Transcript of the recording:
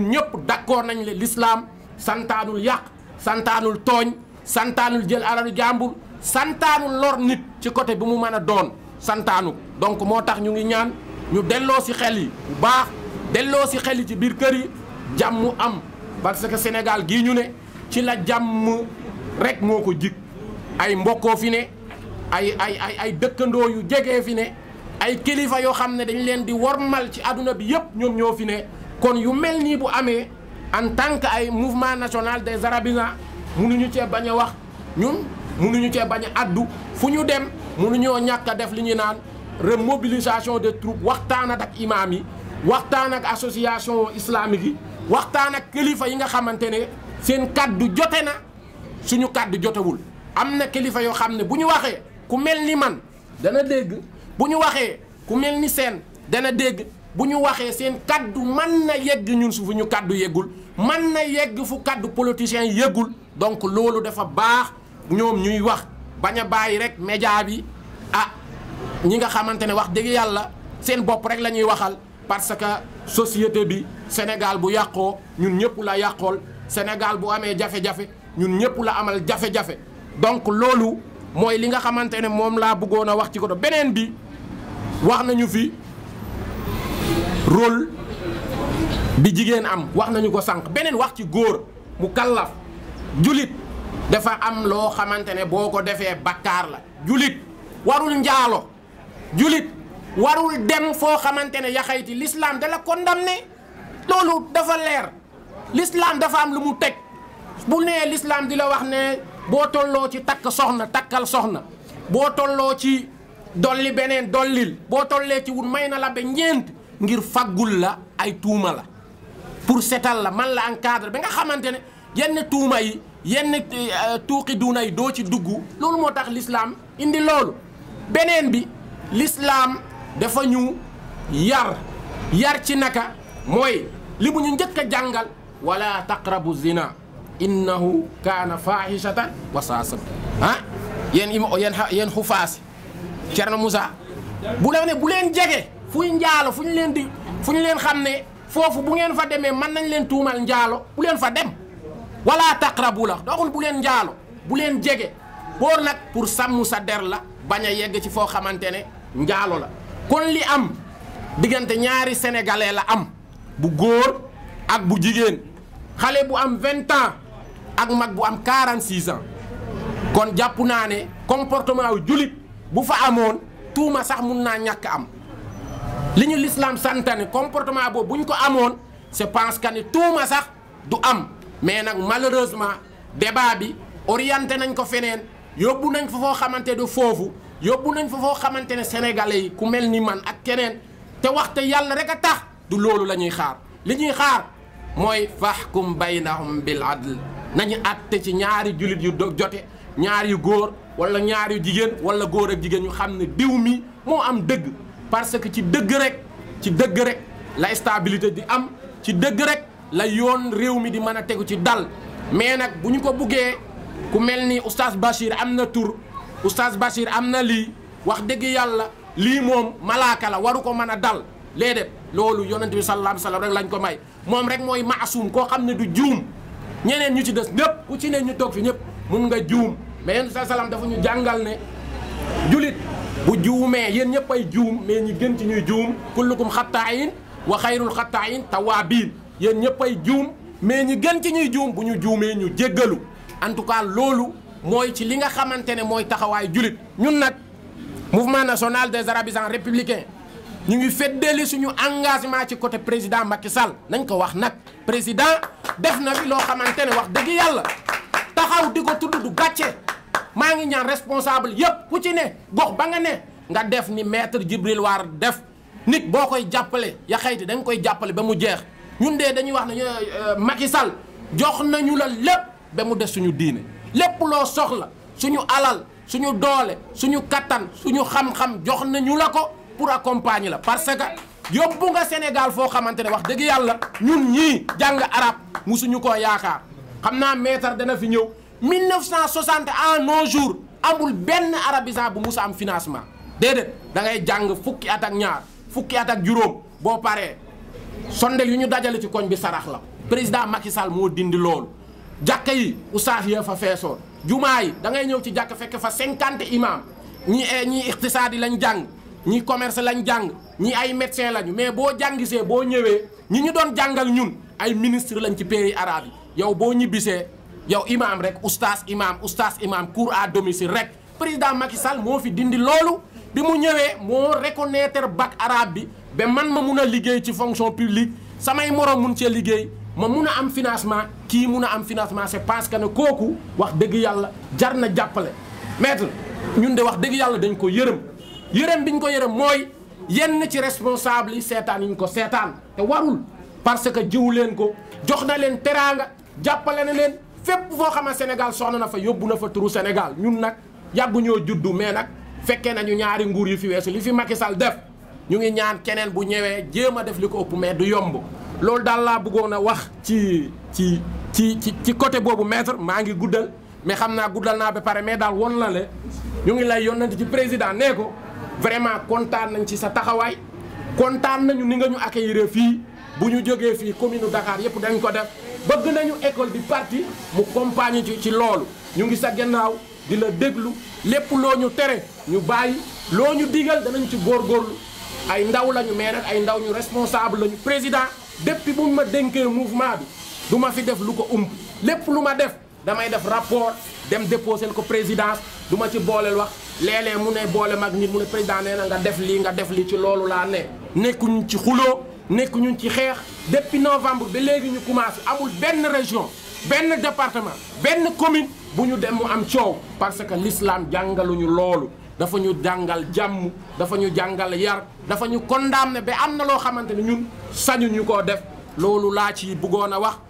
ñun ñëpp d'accord nañ le lislaam santaanul yàq santaanul tooñ santaanul jël alalu jàmbur santaanul lor nit ci côté bi mu mën a doon santaanu donc moo tax ñu ngi ñaan ñu delloo si xel yi bu baax delloo si xel yi ci biir kër yi jàmm am parce que Sénégal gii ñu ne ci la jàmm rek moo ko jig ay mbokkoo fi ne ay ay ay ay dëkkandoo yu jegee fi ne ay kilifa yoo xam ne dañ leen di wormal ci àdduna bi yëpp ñoom ñoo fi ne kon yu mel nii bu amee en tant que ay mouvement nationale des arabisans mënuñu cee bañ a wax ñun mënuñu cee bañ a àddu fu ñu dem mënuñoo ñàkk a def li ñuy naan remobilisation des troupes waxtaan ak imaam yi waxtaan ak association islamique yi waxtaan ak kilifa yi nga xamante ne seen kaddu jote na suñu kaddu jotewul am na kilifa yoo xam ne bu ñu waxee ku mel ni man dana dégg bu ñu waxee ku mel ni seen dana dégg bu ñu waxee seen kaddu mën na yegg ñun su fu ñu kàddu yeggul mën na yegg fu kàddu politicien yeggul donc loolu dafa baax ñoom ñuy wax bañ a bàyyi rek média bi ah ñi nga xamante ne wax dëgg yàlla seen bopp rek la ñuy waxal parce que société bi Sénégal bu yàqoo ñun ñëpp la yàqool Sénégal bu amee jafe-jafe ñun ñëpp la amal jafe-jafe donc loolu mooy li nga xamante ne moom laa bëggoon a wax ci ko do beneen bi wax nañu fi rôle bi jigéen am wax nañu ko sànq beneen wax ci góor mu kallaf julit dafa am loo xamante ne boo ko defee bakkaar la julit warul njaalo julit warul dem foo xamante ne yaxayti l'islam da la condamné loolu dafa leer l'islam dafa am lu mu teg bu nee l'islam di la wax ne boo tolloo ci takk soxna takkal soxna boo tolloo ci dolli beneen dollil boo tollee ci wut may na la ba ñeent ngir faggul la ay tuuma la pour setal la man la encadre ba nga xamante ne yenn tuuma yi yenn euh, tuuqi duuna yi doo ci dugg loolu moo tax lislaam indi loolu beneen bi lislaam dafa ñu yar yar ci naka mooy libu ñu njëkk a jàngal wala taqrabu zina innahu kaana fahishatan wa saa sab ah yéen im yéen xufaasi Cerno Moussa bu la ne bu leen jege fuy njaalo fu ñu leen di fu ñu leen xam ne foofu bu ngeen fa demee man nañ leen tuumal njaalo bu leen fa dem wala taqrabu la doxul bu leen njaalo bu leen jege boor nag pour sàmm sa der la bañ a yegg ci foo xamante ne njaalo la kon li am diggante ñaari sénégalais la am bu góor ak bu jigéen xale bu am vingt ans ak mag bu am quarante six kon jàpp naa ne comportement wu jullit bu fa amoon tuuma sax mun naa ñàkk am li ñu lislaam santane comportement boobu bu ñu ko amoon je pense que ni tuuma sax du am mais nag malheureusement débat bi orienté nañ ko feneen yóbbu nañ fa foo xamante du foofu yóbbu nañ fa foo xamante ne sénégalais yi ku mel ni man ak keneen te waxte yàlla rek a tax du loolu la ñuy xaar li ñuy xaar mooy fahkum baynahum bil adl nañu àtte ci ñaari jullit yu jote ñaar yu góor wala ñaar yu jigéen wala góor ak jigéen ñu xam ne diw mi moo am dëgg parce que ci dëgg rek ci dëgg rek la stabilité di am ci dëgg rek la yoon réew mi di mën a tegu ci dal mais nag bu ñu ko buggee ku mel ni oustaz Bachir am na tur oustaz Bachir am na lii wax dëgg yàlla lii moom malaaka la waru ko mën a dal léedéet loolu yonent bi sallallahu alayhi wa sallam rek lañ ko may moom rek mooy maasum koo xam ne du juum ñeneen ñu ci des ñëpp ku ci ne ñu toog fi ñëpp mun nga juum mais yonent bi dafa ñu jàngal ne julit bu juumee yéen ñëpp ay juum mais ñi gën ci ñuy juum kullukum xattaayin wa xayrul xattaayin tawaabiin yéen ñëpp ay juum mais ñi gën ci ñuy juum bu ñu juumee ñu jéggalu en tout cas loolu mooy ci li nga xamante ne mooy taxawaay julit ñun nag mouvement national des arabisans républicain ñu ngi feddali suñu engagement ci côté président Macky Sall nañ ko wax nag président def na fi loo xamante ne wax dëgg yàlla taxaw di ko tudd du gàcce maa ngi ñaan responsable yépp ku ci ne gox ba nga ne nga def ni maître Djibril War def nit boo koy jàppale ya xayti koy jàppale ba mu jeex ñun de dañuy wax ne euh, Macky Sall jox nañu la lépp ba mu des suñu diine lépp loo soxla suñu alal suñu doole suñu kattan suñu xam-xam jox nañu la ko pour accompagner la parce que yóbbu nga Sénégal foo xamante ne wax dëgg yàlla ñun ñii jàng arab musuñu ko yaakaar xam naa maître dana fi ñëw 1960 à nos jours amul benn arabisant bu mus a am financement déedéet da ngay jàng fukki at ak ñaar fukki at ak juróom boo paree sonde yu ñu dajale ci koñ bi sarax la président Macky Sall moo dindi loolu jàkka yi oustaz ya fa feesoon jumaa yi da ngay ñëw ci jàkk fekk fa 50 imam ñi eh, ñii iqtisaad yi lañ jàng ñi commerce lañ jàng ñi ay médecin lañu mais boo jàngisee boo ñëwee ñi ñu doon jàngal ñun ay ministre lañ ci pays arabe yi yow boo ñibbisee yow imaam rek oustaz imaam oustaz imaam cours à domicile rek président Macky Sall moo fi dindi loolu bi mu ñëwee moo reconnaître bac arabe bi ba man ma mun a liggéey ci fonction publique samay morom mun cee liggéey ma mun a am financement kii mun a am financement c'est parce que ne kooku wax dëgg yàlla jar na jàppale. maître ñun de wax dëgg yàlla dañ ko yërëm yërëm bi ko yërëm mooy yenn ci responsable yi seetaan yi ko seetaan te warul parce que jiw leen ko jox na leen teraanga jàppale na leen. fépp foo xam ne Sénégal soxna na fa yóbbu na fa turu Sénégal ñun nag yàgguñoo juddu mais nag fekkee nañu ñaari nguur yu fi weesu li fi Macky Sall def ñu ngi ñaan keneen bu ñëwee jéem a def li ko ëpp mais du yomb loolu daal laa bëggoon a wax ci ci ci ci ci côté boobu maître maa ngi guddal mais xam naa guddal naa ba pare mais daal won la le ñu ngi lay yónnante ci président nee ko vraiment kontaan nañ ci sa taxawaay kontaan nañu ni nga ñu accueillir fii bu ñu jógee fii commune Dakar yëpp dañ ko def bëgg nañu école bi parti mu compagnie ci ci loolu ñu ngi sa gannaaw di la déglu lépp loo ñu tere ñu bàyyi loo ñu digal danañ ci góor góorgóorlu ay ndaw lañu mais nag ay ndaw ñu responsable lañu président depuis bu ma dénkee mouvement bi du ma fi def lu ko umb lépp lu ma def damay def rapport dem seen ko présidence du ma ci booleel wax léeg mu ne boole mag nit mu ne président nee na nga def lii nga def lii ci loolu laa ne nekkuñu ci xuloo nekk ñun ci xeex depuis novembre bi léegi ñu commencé amul benn région benn département benn commune bu ñu dem mu am coow parce que l'islam jàngaluñu loolu dafa ñu jàngal jàmm dafa ñu jàngal yar dafa ñu condamné ba am na loo xamante ne ñun sañu ñu koo def loolu laa ci bëggoon a wax